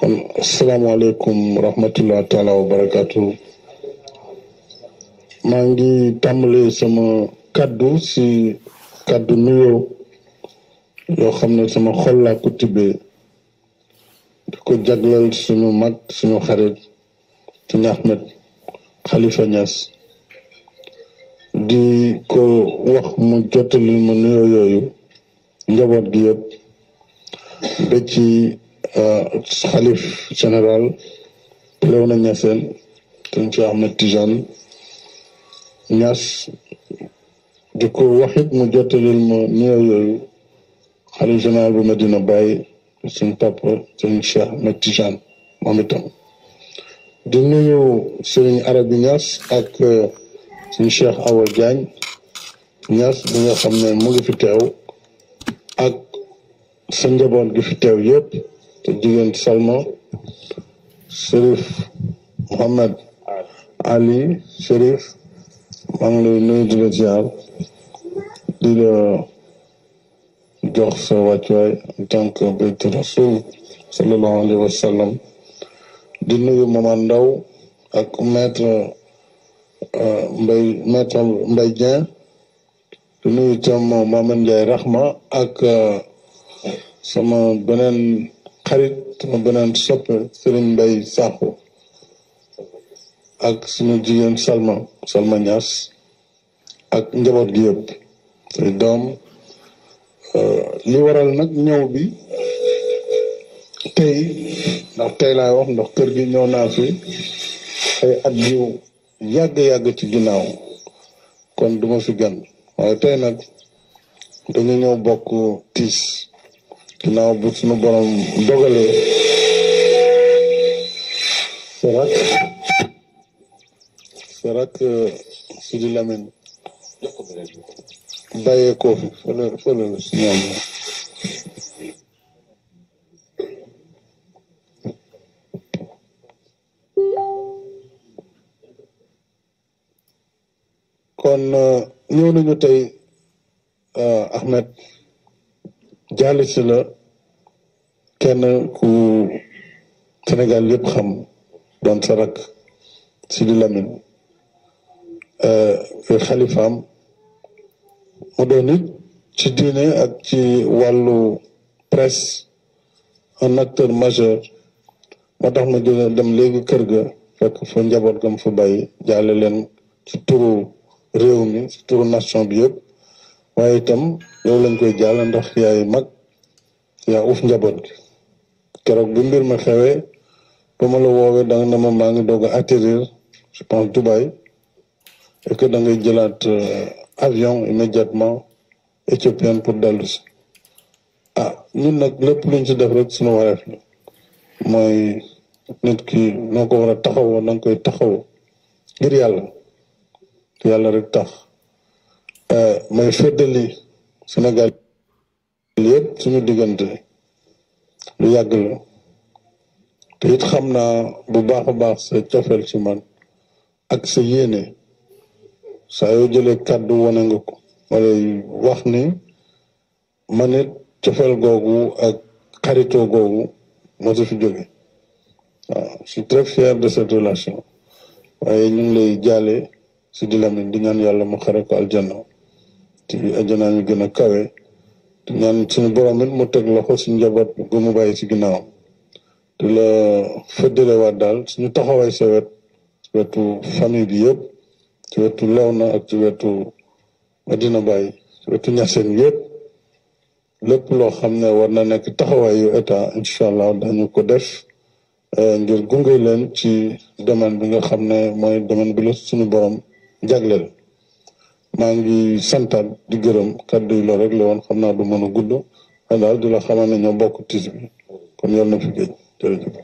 kon asalaamaaleykum rahmatullah taala wa barakatu maa ngi tàmbale sama kàddu si kaddu nuyoo yoo xam ne suma xol laa ko tibbee ko jaglal suñu mag suñu xarit suñu Ahmed Khalifa Niass di ko wax mu jottali ma nuyoo yooyu njaboot gi yëpp ba ci xalif euh, général Léona Niassène dañ ci Ahmed Tijane Niass di ko waxit mu jottalil ma nuyoo yooyu xalif général bu Medina Baye suñ papa suñ Cheikh Ahmed Tijane moom itam di nuyu sëriñ Arabi Niass ak euh, suñ Cheikh Awa Diagne Niass bi nga xam ne mu ngi fi teew ak sa njaboot gi fi teew yëpp te jigéen Salma Chérif Mohamed Ali Chérif maa ngi lay nuyu di la ziar di jox sa wàccuwaay en que baytu rasul sallallahu alayhi wa sallam di nuyu Ndaw ak maître euh, Mbay maître Mbay Dieng di nuyu itam Maman Rahma ak euh, sama beneen xarit ma banaan soppe Sëriñ Mbay Sàppo ak suma jigéen Salma Salma Ñaas ak njaboot gi yëpp say doom euh, li waral nag ñëw bi tey ndax tey laay wax ndox kër gi ñëw naa fi ay at yu yàgg-yàgg ci ginnaaw kon duma fi gan waaye tey nag dañu ñëw bokk tiis naaw bu sunu borom dogalee sa rak sa rak euh, Sidi Lamine fi fële si ñoom kon euh, ñëw nañu tey euh, Ahmed jàll kenn ku Sénégal yëpp xam doon sa rak Sidi Lamine euh, xalifaam mu doon it ci diine ak ci wàllu presse un acteur majeur moo tax ma dina dem léegi kër ga fekk fa njaboot gam fa bay jaale leen ci réew mi ci nation bi yëpp waaye itam yow lañ koy jaale ndax yaay mag yaa uuf njaboot gi keroog bi mbir ma xewee ba ma la woowee da nga ne ma maa ngi doog a atterrir je pense Dubaï et que jëlaat euh, avion immédiatement éthiopienne pour dellu si ah ñun nag lépp luñ si def rek suñu wareef la mooy nit ki noo ko war a taxawoo na koy taxaw ngir yàlla yàlla rek tax euh, may feddali Sénégal yëpp suñu diggante lu yàgg la te it xam naa bu baax a baax sa cofeel si man ak sa yéene saa yoo jëlee kàddu wane nga ko wala wax ni man it cofeel googu ak xarito googu moo si fi jóge waaw je suis fier de cette relation waaye ñu ngi lay jaale si di Lamine di ñaan yàlla mu xare ko aljanna ci aljanna ñu gën a kawe ñaan suñu borom it mu teg loxo suñu njaboot gu mu bàyyi si ginnaaw te la fëddalewaat daal suñu taxawaay sa wet wetu famille bi yëpp ci wetu Léona ak ci wetu Medina Baye ci wetu Niassène yëpp lépp loo xam ne war na nekk taxawaayu état incha allah dañu ko def eh, ngir gunge leen ci domaine bi nga xam ne mooy domaine bi suñu borom jagleel. maa ngi santaat di gërëm kaddu yi loolu rek la xam naa du mën a gudd xam daal di la xamal ne bokk tis bi yal na fi géej jërëjëf